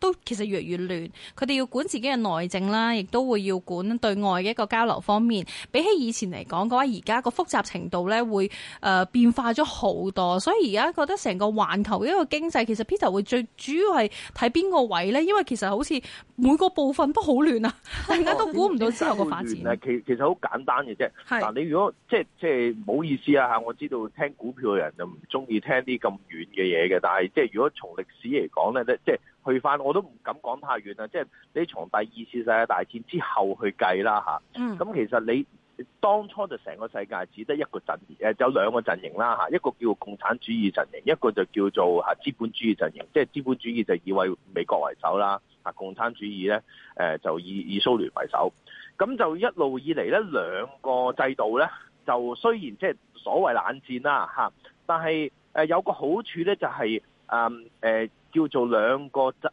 都其實越嚟越亂，佢哋要管自己嘅內政啦，亦都會要管對外嘅一個交流方面。比起以前嚟講嘅話，而家個複雜程度咧會誒變化咗好多。所以而家覺得成個環球一個經濟，其實 Peter 會最主要係睇邊個位咧？因為其實好似每個部分都好亂啊，大家、嗯、都估唔到之後個發展。啊、其實好簡單嘅啫。嗱是，你如果即係即係唔好意思啊，我知道聽股票嘅人就唔中意聽啲咁遠嘅嘢嘅，但係即係、即係、如果從歷史嚟講咧即係去翻我都唔敢講太遠啦，即係你從第二次世界大戰之後去計啦嚇，咁其實你當初就成個世界只得一個陣，誒有兩個陣營啦嚇，一個叫共產主義陣營，一個就叫做嚇資本主義陣營，即係資本主義就以為美國為首啦，共產主義咧誒就以以蘇聯為首，咁就一路以嚟咧兩個制度咧就雖然即係所謂冷戰啦嚇，但係誒有個好處咧就係誒誒叫做兩個制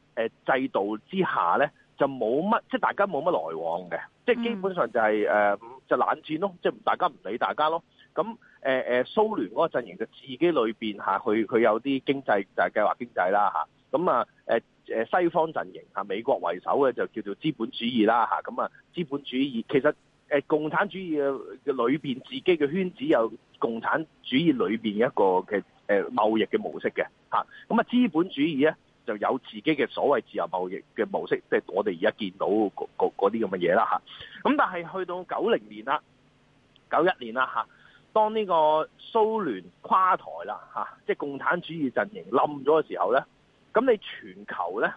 制度之下咧，就冇乜即大家冇乜來往嘅，即基本上就係、是、誒、mm. 呃、就冷戰咯，即大家唔理大家咯。咁誒誒蘇聯嗰個陣營就自己裏面，佢、啊、佢有啲經濟就係、是、計劃經濟啦咁啊，啊西方陣營、啊、美國為首嘅就叫做資本主義啦咁啊資本主義其實。係共產主義嘅嘅裏邊，自己嘅圈子有共產主義裏邊一個嘅誒貿易嘅模式嘅吓。咁啊，資本主義咧就有自己嘅所謂自由貿易嘅模式是，即係我哋而家見到嗰啲咁嘅嘢啦吓。咁但係去到九零年啦，九一年啦吓，當呢個蘇聯垮台啦吓，即係共產主義陣營冧咗嘅時候咧，咁你全球咧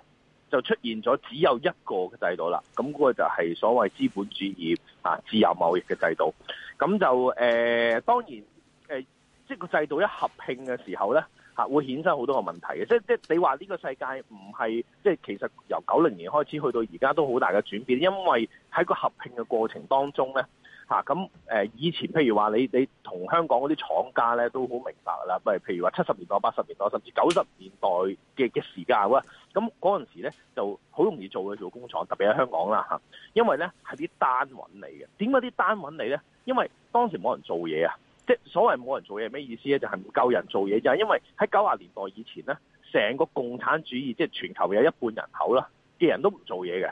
就出現咗只有一個嘅制度啦。咁、那、嗰個就係所謂資本主義。啊！自由貿易嘅制度，咁就誒、呃、當然誒，即係個制度一合併嘅時候咧，嚇會衍生好多個問題嘅。即係即係你話呢個世界唔係即係其實由九零年開始去到而家都好大嘅轉變，因為喺個合併嘅過程當中咧。咁、啊、以前譬如話你你同香港嗰啲廠家咧都好明白啦，咪譬如話七十年代、八十年代甚至九十年代嘅嘅時間喎。咁嗰陣時咧就好容易做嘅做工廠，特別喺香港啦嚇，因為咧係啲單揾嚟嘅，點解啲單揾嚟咧？因為當時冇人做嘢啊，即所謂冇人做嘢咩意思咧？就係唔夠人做嘢就係因為喺九十年代以前咧，成個共產主義即係全球有一半人口啦嘅人都唔做嘢嘅。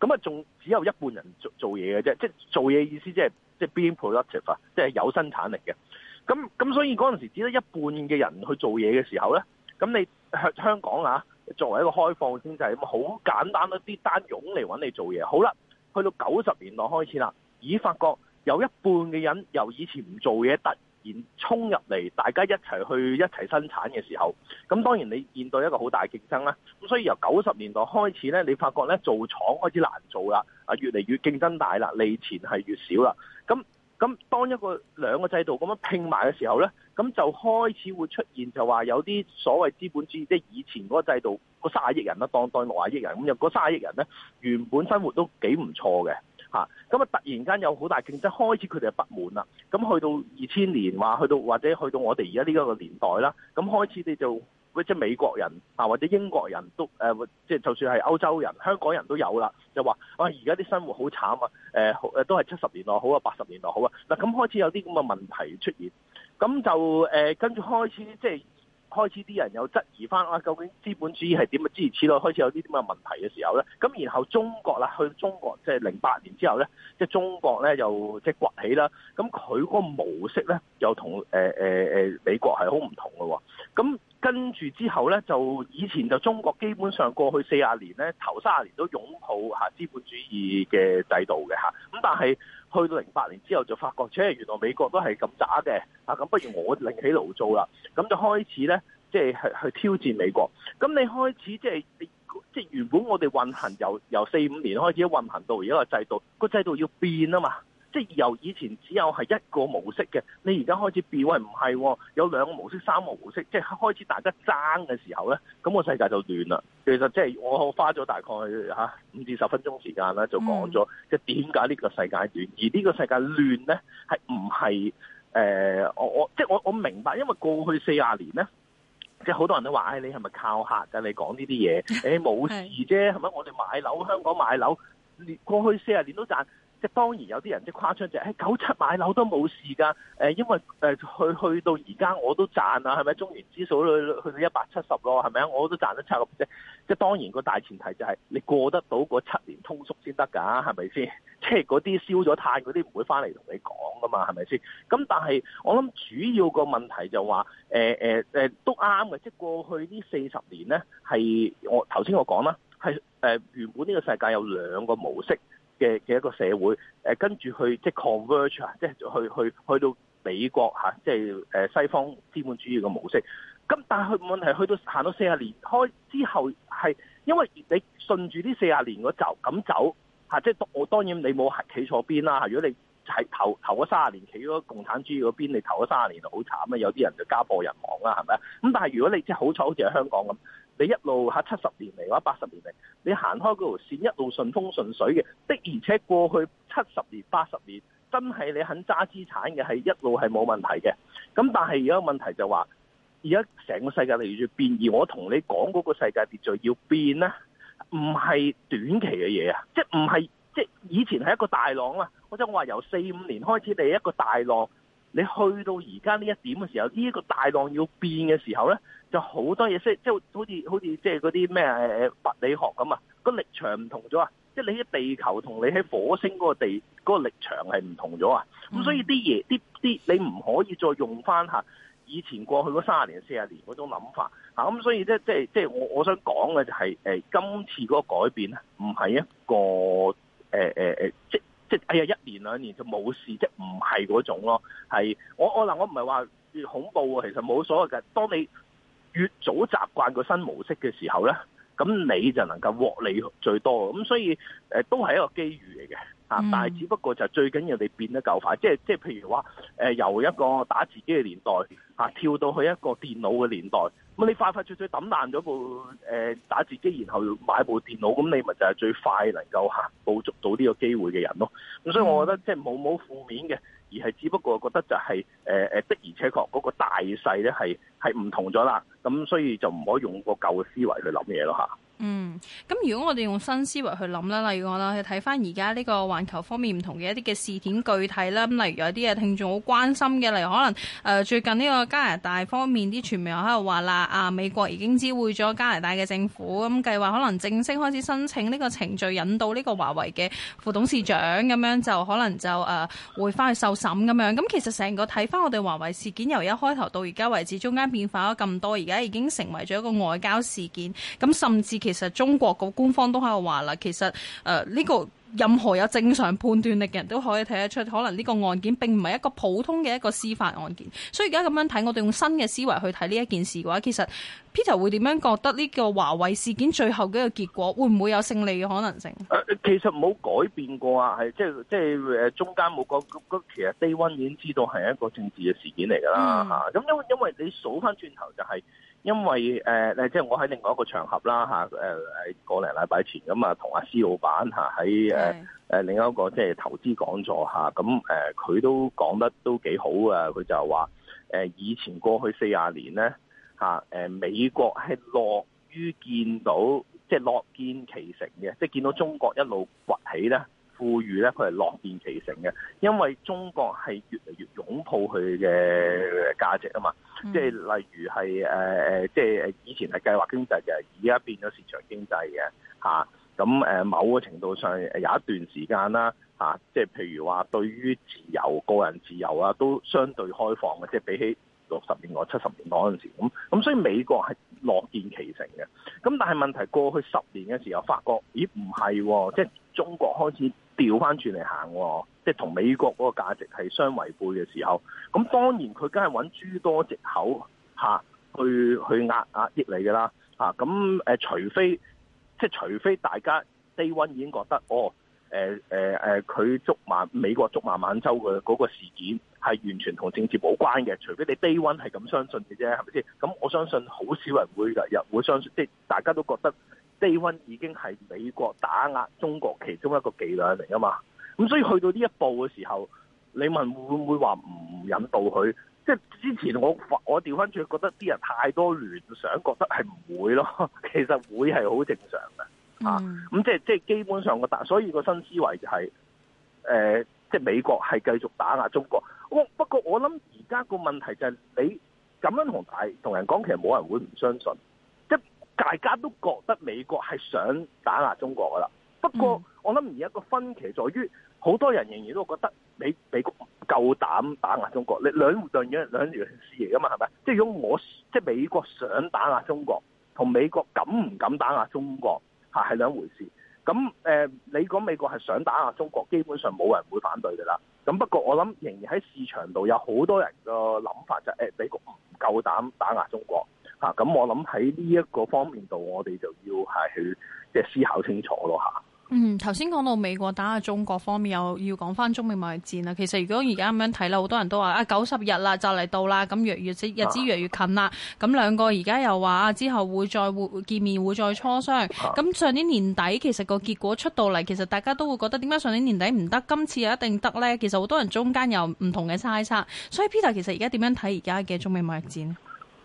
咁啊，仲只有一半人做做嘢嘅啫，即係做嘢意思即係即係 being productive 啊，即係有生產力嘅。咁咁所以嗰陣時只得一半嘅人去做嘢嘅時候咧，咁你香香港啊，作為一個開放經濟，咁好簡單一啲單佣嚟揾你做嘢。好啦，去到九十年代開始啦，已發覺有一半嘅人由以前唔做嘢突然衝入嚟，大家一齊去一齊生產嘅時候，咁當然你面對一個好大競爭啦。咁所以由九十年代開始咧，你發覺咧做廠開始難做啦，啊越嚟越競爭大啦，利錢係越少啦。咁咁當一個兩個制度咁樣拼埋嘅時候咧，咁就開始會出現就話有啲所謂資本主義，即係以前嗰個制度嗰卅億人啦，當當六十億人咁，又嗰卅億人咧原本生活都幾唔錯嘅。嚇！咁啊，突然間有好大競爭，開始佢哋就係不滿啦。咁去到二千年，話去到或者去到我哋而家呢一個年代啦，咁開始你就即係美國人啊，或者英國人都誒，即係就算係歐洲人、香港人都有啦，就話我而家啲生活好慘啊！誒誒，都係七十年代好啊，八十年代好啊。嗱，咁開始有啲咁嘅問題出現，咁就誒跟住開始即係。開始啲人又質疑翻啊，究竟資本主義係點啊？諸如此類，開始有啲咁嘅問題嘅時候咧，咁然後中國啦，去到中國即係零八年之後咧，即係中國咧又即係崛起啦。咁佢嗰個模式咧又同誒美國係好唔同嘅喎，咁。跟住之後呢，就以前就中國基本上過去四十年呢，頭三十年都擁抱嚇資本主義嘅制度嘅嚇，咁但係去到零八年之後就發覺，即係原來美國都係咁渣嘅，咁不如我另起爐灶啦，咁就開始呢，即係去去挑戰美國。咁你開始即係即係原本我哋運行由由四五年開始運行到而家個制度，個制度要變啊嘛。即係由以前只有係一個模式嘅，你而家開始變喎，唔係有兩個模式，三個模式，即係開始大家爭嘅時候咧，咁個世界就亂啦。其實即係我花咗大概嚇五至十分鐘時間啦，就講咗即係點解呢個世界亂，而呢個世界亂咧，係唔係誒？我我即係我我明白，因為過去四十年咧，即係好多人都話：，誒、哎，你係咪靠客㗎？你講呢啲嘢，誒、哎，冇事啫，係咪 是的？我哋買樓，香港買樓，過去四十年都賺。即當然有啲人即誇張就係九七買樓都冇事㗎，誒因為誒去去到而家我都賺啦，係咪中原指數去到一百七十咯，係咪啊？我都賺得差唔多。即即當然個大前提就係、是、你過得到嗰七年通縮先得㗎，係咪先？即嗰啲燒咗炭嗰啲唔會翻嚟同你講㗎嘛，係咪先？咁但係我諗主要個問題就話誒誒誒都啱嘅，即過去這40年呢四十年咧係我頭先我講啦，係誒、呃、原本呢個世界有兩個模式。嘅嘅一個社會，誒跟住去即係 converge 啊，即係去去去到美國嚇，即係誒西方資本主義嘅模式。咁但係佢問題去到行到四十年開之後，係因為你順住呢四十年嗰就咁走嚇，即係我當然你冇係企錯邊啦。如果你係投投咗三十年企咗共產主義嗰邊，你投咗三十年就好慘啊，有啲人就家破人亡啦，係咪啊？咁但係如果你即係好彩好似喺香港咁。你一路喺七十年嚟或者八十年嚟，你行開嗰條線一路順風順水嘅的,的，而且過去七十年八十年真係你肯揸資產嘅係一路係冇問題嘅。咁但係而家問題就話，而家成個世界嚟住變，而我同你講嗰個世界秩序要變咧，唔係短期嘅嘢啊，即係唔係即係以前係一個大浪啊，或者我話由四五年開始嚟一個大浪。你去到而家呢一點嘅時候，呢、這、一個大浪要變嘅時候咧，就好多嘢，即係即係好似好似即嗰啲咩誒物理學咁啊，個力場唔同咗啊，即、就是、你喺地球同你喺火星嗰個地嗰個力場係唔同咗啊，咁所以啲嘢啲啲你唔可以再用翻下以前過去嗰三十年四十年嗰種諗法吓，咁所以即即即我我想講嘅就係、是、今次嗰個改變咧，唔係一個誒、呃呃、即。即係哎呀，一年兩年就冇事，即係唔係嗰種咯。係我我嗱，我唔係話越恐怖，其實冇所謂嘅。當你越早習慣個新模式嘅時候咧，咁你就能夠獲利最多啊。咁所以誒，都係一個機遇嚟嘅。但係只不過就最緊要你變得夠快，即係即係譬如話，誒由一個打字機嘅年代跳到去一個電腦嘅年代，咁你快快脆脆抌爛咗部誒打字機，然後買部電腦，咁你咪就係最快能夠行捕捉到呢個機會嘅人咯。咁所以我覺得即係冇冇負面嘅，而係只不過覺得就係誒的而且確嗰個大勢咧係係唔同咗啦。咁所以就唔可以用個舊嘅思維去諗嘢咯嚇。嗯，咁如果我哋用新思維去諗啦，例如我啦，去睇翻而家呢個環球方面唔同嘅一啲嘅事件具體啦，咁例如有啲嘅聽眾好關心嘅，例如可能誒、呃、最近呢個加拿大方面啲傳媒喺度話啦，啊美國已經知會咗加拿大嘅政府，咁計劃可能正式開始申請呢個程序，引渡呢個華為嘅副董事長，咁樣就可能就誒、呃、會翻去受審，咁樣，咁、嗯、其實成個睇翻我哋華為事件，由一開頭到而家為止，中間變化咗咁多，而家已經成為咗一個外交事件，咁、嗯、甚至其。其實中國個官方都喺度話啦，其實誒呢個任何有正常判斷力嘅人都可以睇得出，可能呢個案件並唔係一個普通嘅一個司法案件。所以而家咁樣睇，我哋用新嘅思維去睇呢一件事嘅話，其實 Peter 會點樣覺得呢個華為事件最後嘅一個結果會唔會有勝利嘅可能性？誒，其實冇改變過啊，係即係即係誒，中間冇講，其實 Day One 已經知道係一個政治嘅事件嚟噶啦吓。咁、嗯、因為因為你數翻轉頭就係、是。因為誒誒，即係我喺另外一個場合啦嚇，誒過零禮拜前咁啊，同阿施老闆嚇喺誒誒另一個即係投資講座嚇，咁誒佢都講得都幾好嘅，佢就話誒以前過去四十年咧嚇，誒美國係樂於見到即係樂見其成嘅，即係見到中國一路崛起咧。富裕咧，佢係樂見其成嘅，因為中國係越嚟越擁抱佢嘅價值啊嘛。即係例如係誒誒，即係誒以前係計劃經濟嘅，而家變咗市場經濟嘅嚇。咁誒某個程度上有一段時間啦嚇，即係譬如話對於自由個人自由啊，都相對開放嘅，即係比起六十年代七十年代嗰陣時咁。咁所以美國係樂見其成嘅。咁但係問題過去十年嘅時候，發覺咦唔係，即係中國開始調返轉嚟行，喎，即係同美國嗰個價值係相違背嘅時候，咁當然佢梗係搵諸多藉口，啊、去，去壓壓益你㗎啦，咁、啊啊、除非即係除非大家 day one 已經覺得，哦誒誒佢捉孟美國捉孟晚舟嘅嗰個事件係完全同政治冇關嘅，除非你 day one 係咁相信嘅啫，係咪先？咁我相信好少人會入會相信，即係大家都覺得。低溫已經係美國打壓中國其中一個伎倆嚟啊嘛，咁所以去到呢一步嘅時候，你問會唔會話唔引導佢？即係之前我我調翻轉，覺得啲人太多聯想，覺得係唔會咯。其實會係好正常嘅啊。咁即係即係基本上個所以個新思維就係誒，即係美國係繼續打壓中國。不過我諗而家個問題就係你咁樣同大同人講，其實冇人會唔相信。大家都覺得美國係想打壓中國噶啦，不過、嗯、我諗而家個分歧在於，好多人仍然都覺得美美國唔夠膽打壓中國，兩對兩兩樣事嚟嘅嘛，係咪？即係如果我即係美國想打壓中國，同美國敢唔敢打壓中國嚇係兩回事。咁誒，你講美國係想打壓中國，基本上冇人會反對噶啦。咁不過我諗仍然喺市場度有好多人嘅諗法就係誒，美國唔夠膽打壓中國。啊，咁我諗喺呢一個方面度，我哋就要係去即思考清楚咯，吓。嗯，頭先講到美國打下中國方面，又要講翻中美貿易戰啦。其實如果而家咁樣睇啦，好多人都話啊，九十日啦就嚟到啦，咁越越日子越嚟越近啦。咁兩個、啊、而家又話啊，之後會再會見面，會再磋商。咁上年年底其實個結果出到嚟，其實大家都會覺得點解上年年底唔得，今次又一定得呢？其實好多人中間有唔同嘅猜測。所以 Peter 其實而家點樣睇而家嘅中美貿易戰？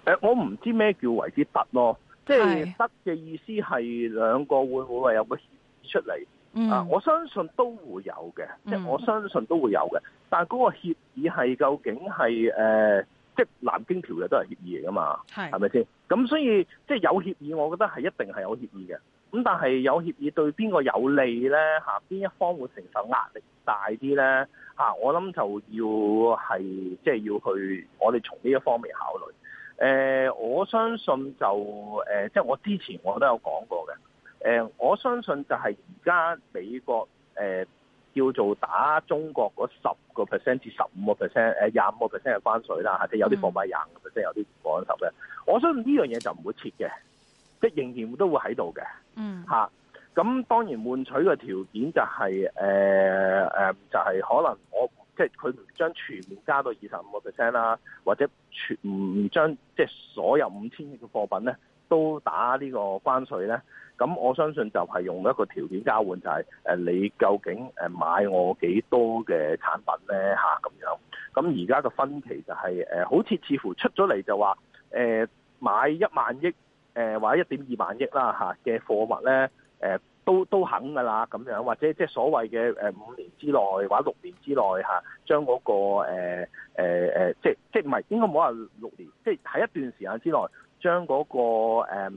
誒，我唔知咩叫為之得咯，即係得嘅意思係兩個會唔會話有個協議出嚟啊？我相信都會有嘅，即係我相信都會有嘅。但係嗰個協議係究竟係誒，即係南京條約都係協議嚟噶嘛係係咪先？咁所以即係有協議，我覺得係一定係有協議嘅。咁但係有協議對邊個有利咧？吓，邊一方會承受壓力大啲咧？吓，我諗就要係即係要去，我哋從呢一方面考慮。誒、呃，我相信就誒、呃，即係我之前我都有講過嘅。誒、呃，我相信就係而家美國誒、呃、叫做打中國嗰十個 percent 至十五個 percent，誒廿五個 percent 嘅關稅啦，或者有啲貨品廿五個 percent，有啲貨品十個 percent 嘅。我相信呢樣嘢就唔會撤嘅，即係仍然都會喺度嘅。嗯、mm. 啊。嚇，咁當然換取嘅條件就係誒誒，就係、是、可能我。即係佢唔將全面加到二十五個 percent 啦，或者全唔將即係所有五千億嘅貨品咧都打呢個關稅咧。咁我相信就係用一個條件交換，就係誒你究竟誒買我幾多嘅產品咧嚇咁樣。咁而家嘅分歧就係、是、誒，好似似乎出咗嚟就話誒買一萬億誒或者一點二萬億啦嚇嘅貨物咧誒。都都肯噶啦，咁樣或者即係所謂嘅五年之內或者六年之內將嗰、嗰個誒、呃呃、即係即唔係應該唔好話六年，即係喺一段時間之內將嗰、嗰個誒、呃、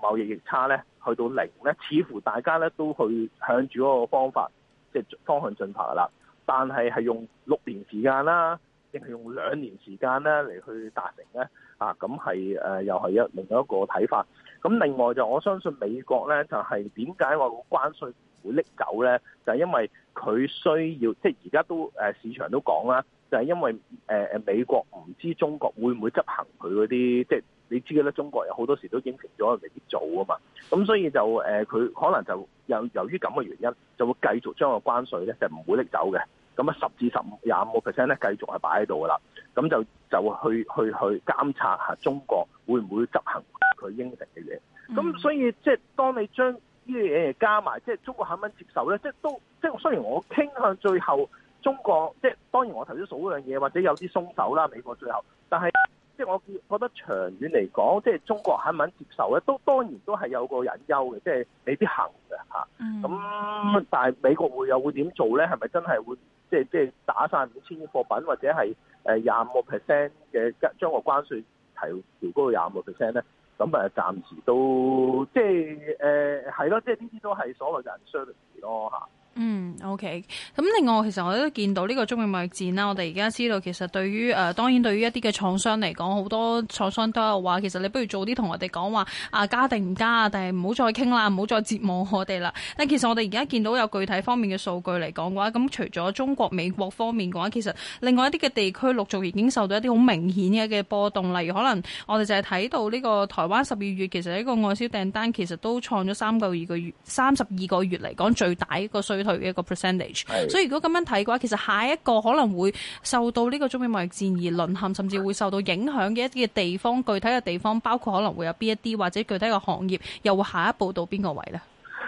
貿易逆差咧去到零咧，似乎大家咧都去向住嗰個方法即係方向進發噶啦，但係係用六年時間啦，定係用兩年時間咧嚟去達成咧？啊，咁係誒，又係一另外一個睇法。咁另外就我相信美國咧，就係點解話個關稅唔會拎走咧？就係因為佢需要，即係而家都市場都講啦，就係因為誒美國唔知中國會唔會執行佢嗰啲，即係你知嘅咧，中國有好多時都應承咗人哋做啊嘛。咁所以就誒，佢可能就由由於咁嘅原因，就會繼續將個關稅咧，就唔會拎走嘅。咁啊，十至十五廿五個 percent 咧，繼續係擺喺度噶啦。咁就就去去去監察下中國會唔會執行佢應承嘅嘢。咁所以即係當你將呢啲嘢加埋，即係中國肯唔肯接受咧？即係都即係雖然我傾向最後中國，即係當然我頭先數嗰樣嘢，或者有啲鬆手啦。美國最後，但係即係我覺得長遠嚟講，即係中國肯唔肯接受咧，都當然都係有個隱憂嘅，即係未必行嘅嚇。咁，嗯，啊，但係美國會又會點做咧？係咪真係會？即係即係打曬五千件貨品，或者係誒廿五個 percent 嘅關將個關稅提調高到廿五個 percent 咧？咁誒暫時都即係誒係咯，即係呢啲都係所謂嘅 uncertainty 咯嚇。嗯，OK。咁另外，其實我都見到呢個中美貿易戰啦。我哋而家知道，其實對於誒、呃、當然對於一啲嘅廠商嚟講，好多廠商都有話其實你不如早啲同我哋講話啊，加定唔加啊，加加但係，唔好再傾啦，唔好再折磨我哋啦。但其實我哋而家見到有具體方面嘅數據嚟講嘅話，咁除咗中國美國方面嘅話，其實另外一啲嘅地區陸續已經受到一啲好明顯嘅波動，例如可能我哋就係睇到呢個台灣十二月，其實呢個外銷訂單其實都創咗三個月二個月三十二個月嚟講最大一個。最。佢嘅一個 percentage，< 是的 S 1> 所以如果咁樣睇嘅話，其實下一個可能會受到呢個中美貿易戰而淪陷，甚至會受到影響嘅一啲嘅地方、具體嘅地方，包括可能會有邊一啲，或者具體嘅行業又會下一步到邊個位咧？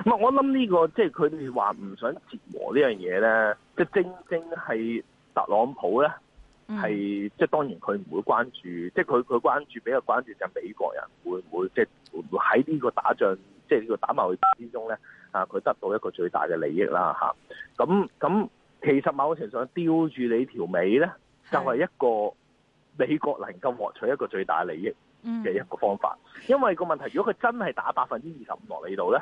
唔係、這個，我諗呢個即係佢哋話唔想折磨呢樣嘢咧，即、就、係、是、正正係特朗普咧，係即係當然佢唔會關注，即係佢佢關注比較關注就係美國人會唔會即係喺呢個打仗，即係呢個打貿易戰之中咧。啊！佢得到一個最大嘅利益啦，嚇、啊。咁、啊、咁、啊啊，其實某程度上吊住你條尾咧，是就係一個美國能夠獲取一個最大利益嘅一個方法。嗯、因為個問題，如果佢真係打百分之二十五落你度咧，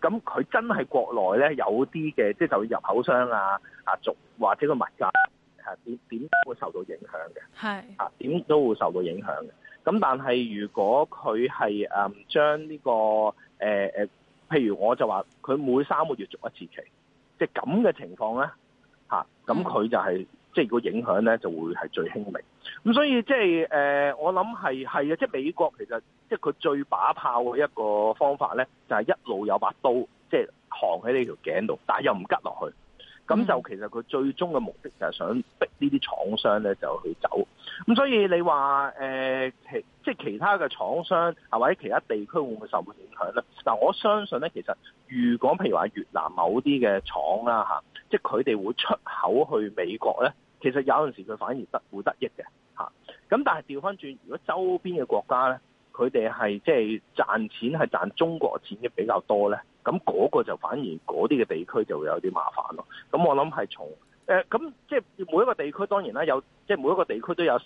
咁佢真係國內咧有啲嘅，即係就，是、就要入口商啊啊，俗或者個物價啊點點會受到影響嘅。係啊，點都會受到影響嘅。咁是、啊啊、但係如果佢係誒將呢、這個誒誒。呃譬如我就話佢每三個月續一次期，即係咁嘅情況咧，咁佢就係即係個影響咧就會係最輕微。咁所以即係誒，我諗係係啊，即係、就是、美國其實即係佢最把炮嘅一個方法咧，就係、是、一路有把刀即係扛喺呢條頸度，但係又唔拮落去。咁就其實佢最終嘅目的就係想逼呢啲廠商咧就去走，咁所以你話誒其即係其他嘅廠商啊或者其他地區會唔會受影響咧？嗱，我相信咧其實如果譬如話越南某啲嘅廠啦嚇即係佢哋會出口去美國咧，其實有陣時佢反而得會得益嘅嚇。咁但係調翻轉，如果周邊嘅國家咧？佢哋係即係賺錢係賺中國錢嘅比較多咧，咁嗰個就反而嗰啲嘅地區就會有啲麻煩咯。咁我諗係從誒咁、呃、即係每一個地區當然啦，有即係每一個地區都有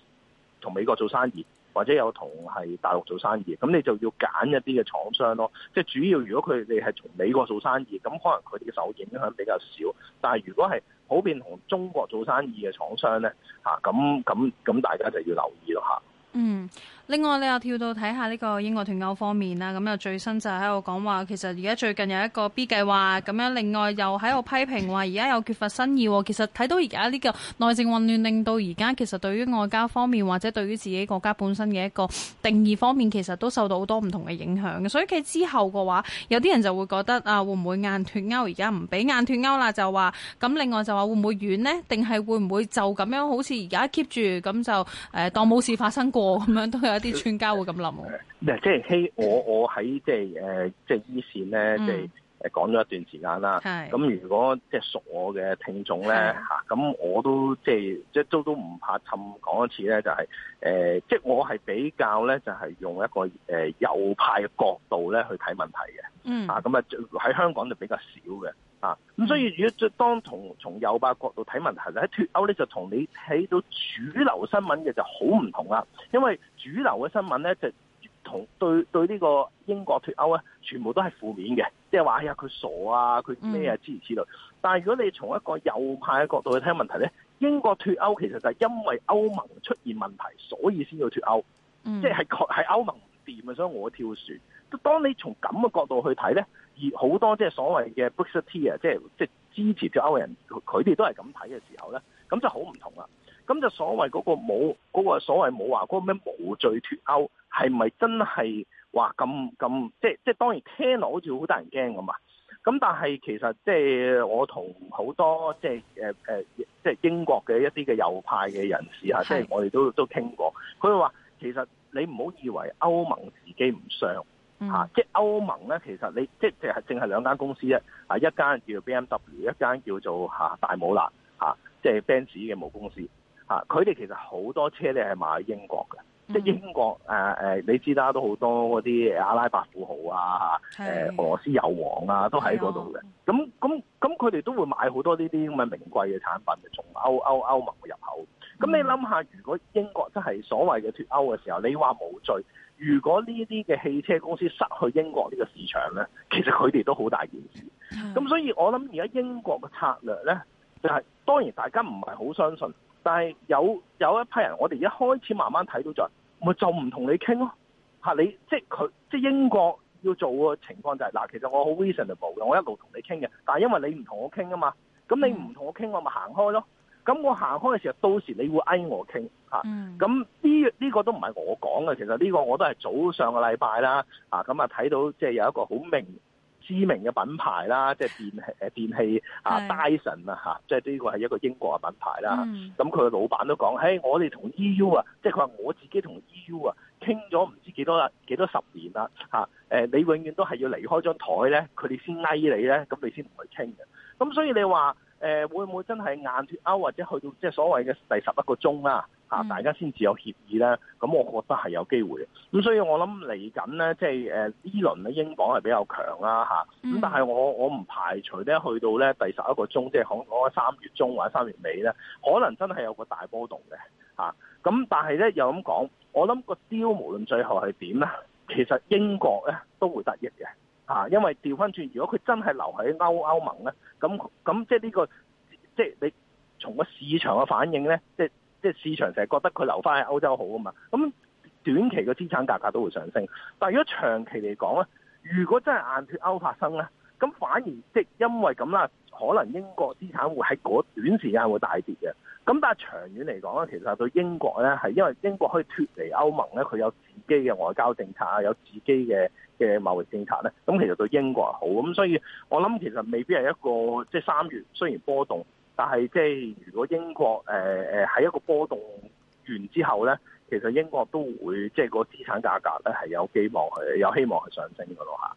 同美國做生意，或者有同係大陸做生意。咁你就要揀一啲嘅廠商咯。即係主要如果佢哋係從美國做生意，咁可能佢哋嘅受影響比較少。但係如果係普遍同中國做生意嘅廠商咧，嚇咁咁咁，咁咁大家就要留意咯嚇。嗯，另外你又跳到睇下呢個英國脫歐方面啦，咁又最新就喺度講話，其實而家最近有一個 B 計劃，咁樣另外又喺度批評話，而家有缺乏新意。其實睇到而家呢個內政混亂，令到而家其實對於外交方面或者對於自己國家本身嘅一個定義方面，其實都受到好多唔同嘅影響嘅。所以佢之後嘅話，有啲人就會覺得啊，會唔會硬脫歐？而家唔俾硬脱歐啦，就話咁，另外就話會唔會軟呢？定係會唔會就咁樣好似而家 keep 住咁就誒當冇事發生過？我咁樣都有一啲專家會咁諗、嗯，嗱即係希我我喺即係誒即係一線咧，即係誒講咗一段時間啦。係咁、嗯，如果即係熟我嘅聽眾咧吓，咁、啊、我都即係即係都都唔怕沉講一次咧，就係、是、誒、呃，即係我係比較咧，就係、是、用一個誒、呃、右派嘅角度咧去睇問題嘅、啊。嗯咁啊喺、嗯、香港就比較少嘅。啊，咁、嗯、所以如果即當從從右派角度睇問題咧，喺脱歐咧就同你睇到主流新聞嘅就好唔同啦。因為主流嘅新聞咧就同對對呢個英國脱歐咧，全部都係負面嘅，即係話哎呀，佢傻啊，佢咩啊，諸如此類。嗯、但係如果你從一個右派嘅角度去睇問題咧，英國脱歐其實就係因為歐盟出現問題，所以先要脱歐，即係係確係歐盟唔掂啊，所以我跳船。當你從咁嘅角度去睇咧。而好多即係所謂嘅 Brexiteer 啊，即係即係支持咗歐人，佢哋都係咁睇嘅時候咧，咁就好唔同啦。咁就所謂嗰個冇嗰、嗰個所謂冇話嗰個咩無罪脱歐，係咪真係話咁咁？即係即係當然聽落好似好得人驚咁嘛。咁但係其實即係我同好多即係誒誒，即係英國嘅一啲嘅右派嘅人士啊，即係的我哋都都聽過，佢話其實你唔好以為歐盟自己唔傷。嚇！嗯、即係歐盟咧，其實你即係淨係淨係兩間公司一啊，一間叫做 B M W，一間叫做嚇大姆蘭嚇，即係 Benz 嘅母公司嚇。佢哋其實好多車咧係賣喺英國嘅，嗯、即係英國誒誒，你知啦，都好多嗰啲阿拉伯富豪啊，誒的俄羅斯油王啊，都喺嗰度嘅。咁咁咁，佢哋都會買好多呢啲咁嘅名貴嘅產品，從歐歐歐盟嘅入口。咁、嗯、你諗下，如果英國真係所謂嘅脱歐嘅時候，你話冇罪？如果呢啲嘅汽車公司失去英國呢個市場呢，其實佢哋都好大件事。咁所以，我諗而家英國嘅策略呢，就係、是、當然大家唔係好相信，但係有有一批人，我哋一開始慢慢睇到就，咪就唔同你傾咯、啊。你，即係佢，即係英國要做嘅情況就係、是，嗱、啊，其實我好 reasonable 嘅，我一路同你傾嘅，但係因為你唔同我傾啊嘛，咁你唔同我傾，我咪行開咯。咁我行開嘅時候，到時你會挨我傾，吓、嗯。咁呢呢個都唔係我講嘅，其實呢個我都係早上個禮拜啦。咁啊睇到即係有一個好明知名嘅品牌啦，即、就、係、是、電誒電器啊，Dyson 啊，吓是，即係呢個係一個英國嘅品牌啦。咁佢嘅老闆都講：，嘿，我哋同 e,、嗯、E U 啊，即係佢話我自己同 E U 啊，傾咗唔知幾多啦，幾多十年啦，吓。誒，你永遠都係要離開張台咧，佢哋先挨你咧，咁你先同佢傾嘅。咁所以你話。誒會唔會真係硬脱歐，或者去到即係所謂嘅第十一個鐘啦？大家先至有協議咧，咁、mm. 我覺得係有機會嘅。咁所以我諗嚟緊咧，即係呢輪咧，英鎊係比較強啦、啊，咁但係我我唔排除咧，去到咧第十一個鐘，即係可講三月中或者三月尾咧，可能真係有個大波動嘅。咁、啊、但係咧又咁講，我諗個雕無論最後係點呢，其實英國咧都會得益嘅。啊，因為調翻轉，如果佢真係留喺歐歐盟咧，咁咁即係呢個，即係你從個市場嘅反應咧，即係即係市場成日覺得佢留翻喺歐洲好啊嘛，咁短期嘅資產價格都會上升，但係如果長期嚟講咧，如果真係硬脱歐發生咧，咁反而即係因為咁啦，可能英國資產會喺嗰短時間會大跌嘅。咁但係長遠嚟講咧，其實對英國咧係因為英國可以脱離歐盟咧，佢有自己嘅外交政策啊，有自己嘅嘅貿易政策咧，咁其實對英國係好，咁所以我諗其實未必係一個即係三月雖然波動，但係即係如果英國誒誒喺一個波動完之後咧，其實英國都會即係個資產價格咧係有希望去有希望去上升嘅咯嚇。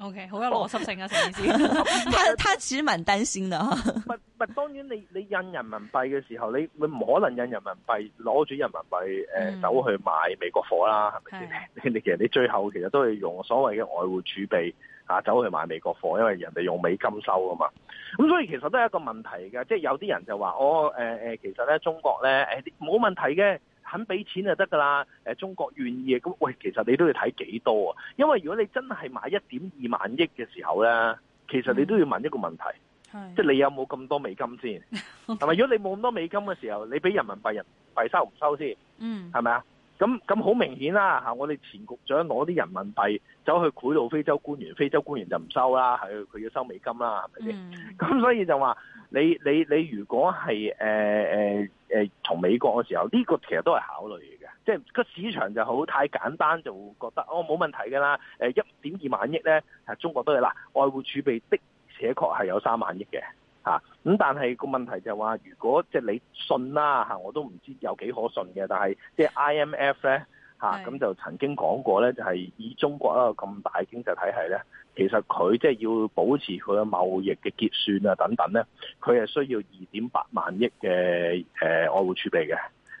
O、okay, K，好有邏輯性啊，成件事。佢佢其實蠻擔心嘅吓。唔唔， 當然你你印人民幣嘅時候，你你唔可能印人民幣攞住人民幣誒、呃嗯、走去買美國貨啦，係咪先？你其實你最後其實都係用所謂嘅外匯儲備嚇、啊、走去買美國貨，因為人哋用美金收㗎嘛。咁所以其實都係一個問題嘅，即係有啲人就話哦誒誒，其實咧中國咧誒冇問題嘅。肯俾錢就得噶啦，誒中國願意嘅，咁喂，其實你都要睇幾多啊？因為如果你真係買一點二萬億嘅時候咧，其實你都要問一個問題，mm. 即係你有冇咁多美金先？係咪？如果你冇咁多美金嘅時候，你俾人民幣人幣收唔收先？嗯、mm.，係咪啊？咁咁好明顯啦吓，我哋前局長攞啲人民幣走去賄賂非洲官員，非洲官員就唔收啦，佢佢要收美金啦，係咪先？咁、嗯、所以就話你你你如果係誒誒誒從美國嘅時候，呢、呢個其實都係考慮嘅，即係個市場就好太簡單，就會覺得我冇、哦、問題㗎啦。誒一點二萬億咧，係中國都係啦，外匯儲備的且確係有三萬億嘅。咁但係個問題就係話，如果即係你信啦嚇，我都唔知有幾可信嘅。但係即係 IMF 咧嚇，咁是的 就曾經講過咧，就係、係、以中國一個咁大經濟體系咧，其實佢即係要保持佢嘅貿易嘅結算啊等等咧，佢係需要二點八萬億嘅誒外匯儲備嘅。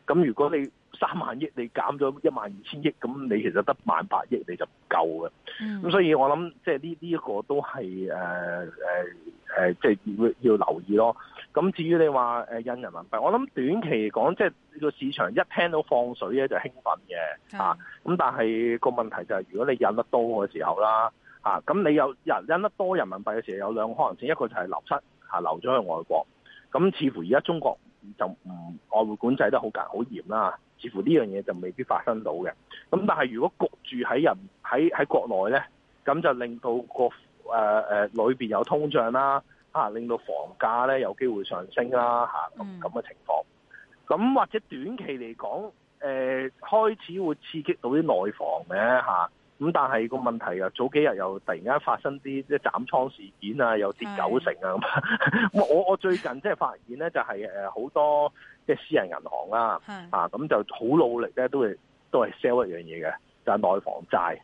咁如果你三萬億，你減咗一萬二千億，咁你其實得萬八億，你就唔夠嘅。咁、mm. 所以我諗，即係呢呢一個都係誒即係要要留意咯。咁至於你話印人民幣，我諗短期嚟講，即係個市場一聽到放水咧就興奮嘅啊。咁但係個問題就係，如果你印得多嘅時候啦，嚇、啊、咁你有印印得多人民幣嘅時候，有兩個可能性：一個就係流失、啊、流咗去外國，咁似乎而家中國。就唔外匯管制得好緊好嚴啦，似乎呢樣嘢就未必發生到嘅。咁但係如果焗住喺人喺喺國內咧，咁就令到個誒誒裏邊有通脹啦、啊，令到房價咧有機會上升啦，嚇、啊，咁嘅情況。咁、嗯、或者短期嚟講，誒、呃、開始會刺激到啲內房嘅嚇。咁但係個問題啊，早幾日又突然間發生啲即係斬倉事件啊，又跌九成啊！咁是的 我我最近即係發現咧，就係誒好多即係私人銀行啦，啊咁是的 就好努力咧，都係都係 sell 一樣嘢嘅，就係、是、內房債。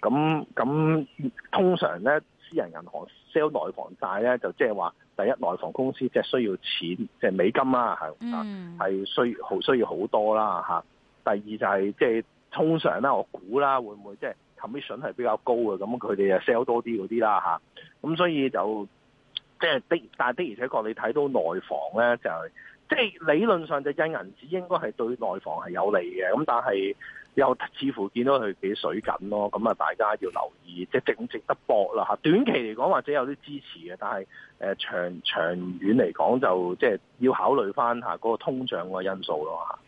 咁咁通常咧，私人銀行 sell 內房債咧，就即係話第一內房公司即係需要錢，即、就、係、是、美金啦，係需好需要好多啦。第二就係即係。就是通常啦，我估啦，會唔會即係 commission 係比較高嘅？咁佢哋啊 sell 多啲嗰啲啦吓，咁所以就即係的，但係的而且確你睇到內房咧，就係即係理論上就印銀紙應該係對內房係有利嘅。咁但係又似乎見到佢幾水緊咯。咁啊，大家要留意，即係值唔值得搏啦嚇。短期嚟講或者有啲支持嘅，但係誒長長遠嚟講就即係要考慮翻嚇嗰個通脹個因素咯嚇。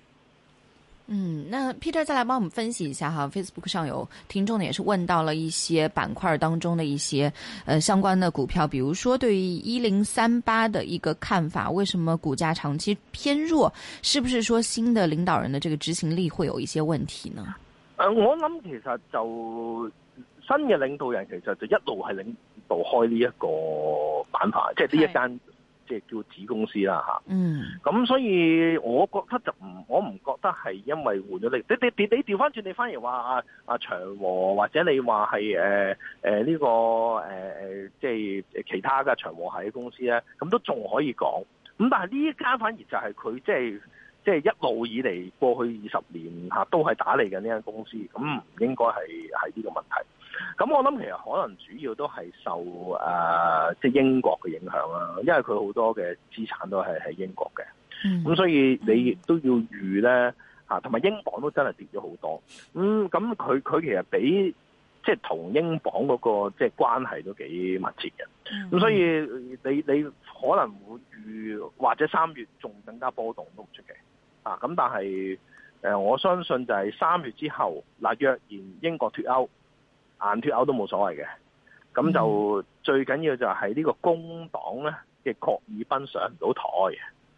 嗯，那 Peter 再來幫我們分析一下哈，Facebook 上有聽眾呢，也是問到了一些板塊當中的一些呃相關的股票，比如說對於一零三八的一個看法，為什麼股價長期偏弱？是不是說新的領導人的這個執行力會有一些問題呢？呃，我諗其實就新嘅領導人，其實就一路係領導開呢一個板塊，即係呢一間。即係叫子公司啦嚇，咁所以我覺得就唔，我唔覺得係因為換咗你，你你你調翻轉，你反而話阿阿長和或者你話係誒誒呢個誒誒，即係其他嘅長和系嘅公司咧，咁都仲可以講。咁但係呢間反而就係佢即係即係一路以嚟過去二十年嚇都係打理緊呢間公司，咁唔應該係係呢個問題。咁我諗其實可能主要都係受誒即係英國嘅影響啦，因為佢好多嘅資產都係喺英國嘅，咁、嗯、所以你亦都要預咧吓，同埋、嗯、英鎊都真係跌咗好多，咁咁佢佢其實比即係同英鎊嗰、嗰個即係、即係、關係都幾密切嘅，咁、嗯、所以你你可能會預或者三月仲更加波動都唔出奇，啊咁但係誒我相信就係三月之後，嗱若然英國脫歐。硬脫歐都冇所謂嘅，咁就最緊要就係呢個工黨咧嘅郝爾彬上唔到台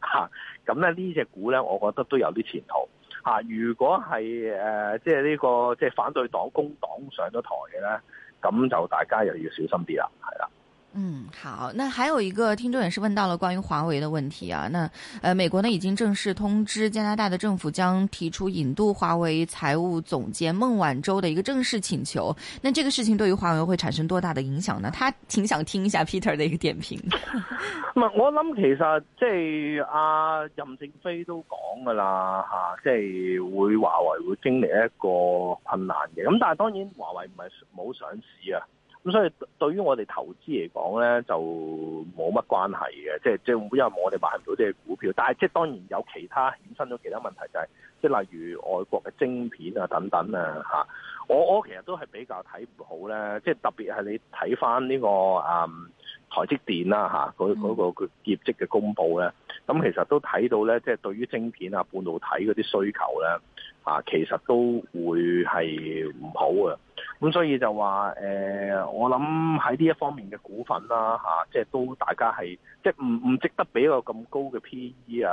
嚇，咁咧呢隻股咧，我覺得都有啲前途嚇。如果係誒，即係呢個即係反對黨工黨上咗台嘅咧，咁就大家又要小心啲啦，係啦。嗯，好。那還有一個聽眾也是問到了關於華為的問題啊。那，呃，美國呢已經正式通知加拿大的政府，將提出引渡華為財務總監孟晚舟的一個正式請求。那這個事情對於華為會產生多大的影響呢？他挺想聽一下 Peter 的一個點評。我諗其實即係阿任正非都講噶啦吓，即係會華為會經歷一個困難嘅。咁但係當然華為唔係冇上市啊。咁所以對於我哋投資嚟講咧，就冇乜關係嘅，即係即係冇因為我哋買唔到即嘅股票。但係即係當然有其他衍生咗其他問題，就係即例如外國嘅晶片啊，等等啊嚇。我我其實都係比較睇唔好咧，即特別係你睇翻呢個啊台積電啦嚇，嗰嗰個佢業績嘅公佈咧，咁其實都睇到咧，即係對於晶片啊半導體嗰啲需求咧，其實都會係唔好嘅。咁所以就話誒、呃，我諗喺呢一方面嘅股份啦即係都大家係即係唔唔值得俾個咁高嘅 P E 啊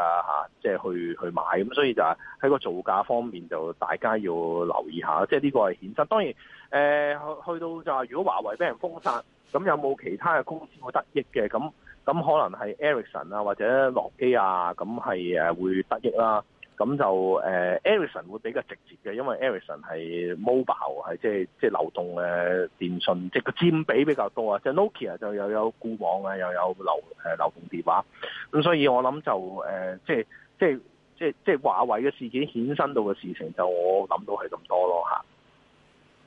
即係、啊就是、去去買咁，所以就喺個造價方面就大家要留意下，即係呢個係現實。當然誒、呃，去到就係如果華為俾人封殺，咁有冇其他嘅公司會得益嘅？咁咁可能係 Ericsson 啊或者諾基亞，咁係誒會得益啦、啊。咁就誒 Ericsson 會比較直接嘅，因為 Ericsson 係 mobile，係即、就、係、是、即係、就是、流動嘅電信，即、就、個、是、佔比比較多啊。即、就、係、是、Nokia、ok、就又有固網啊，又有流誒流動電話。咁所以我諗就誒，即係即係即係即係華為嘅事件衍生到嘅事情，就我諗都係咁多咯。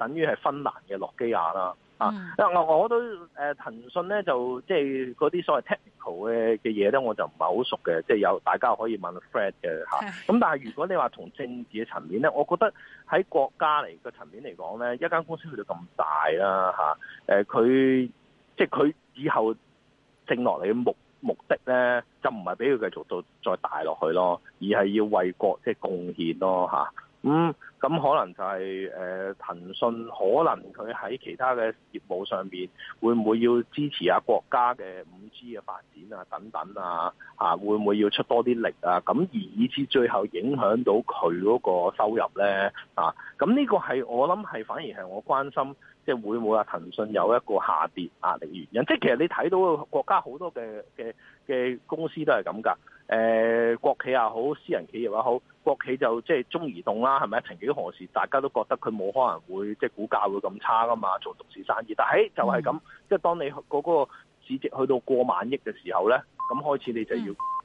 等於係芬蘭嘅諾基亞啦，啊、嗯，因為我我都誒騰訊咧就即係嗰啲所謂 technical 嘅嘅嘢咧，我就唔係好熟嘅，即係有大家可以問 Fred 嘅嚇。咁但係如果你話從政治嘅層面咧，我覺得喺國家嚟嘅層面嚟講咧，一間公司去到咁大啦嚇，誒佢即係佢以後剩落嚟嘅目目的咧，就唔係俾佢繼續到再大落去咯，而係要為國即係貢獻咯嚇。咁咁、嗯、可能就係、是、誒、呃、騰訊可能佢喺其他嘅業務上面會唔會要支持下、啊、國家嘅五 G 嘅發展啊等等啊啊會唔會要出多啲力啊？咁而以至最後影響到佢嗰個收入咧啊？咁呢個係我諗係反而係我關心會會、啊，即係會唔會話騰訊有一個下跌壓力嘅原因？即係其實你睇到國家好多嘅嘅嘅公司都係咁㗎。誒，國企也好，私人企業也好，國企就即係中移動啦，係咪？曾幾何時大家都覺得佢冇可能會即係、就是、股價會咁差㗎嘛，做獨市生意？但係就係咁，mm hmm. 即係當你嗰個市值去到過萬億嘅時候呢，咁開始你就要。Mm hmm.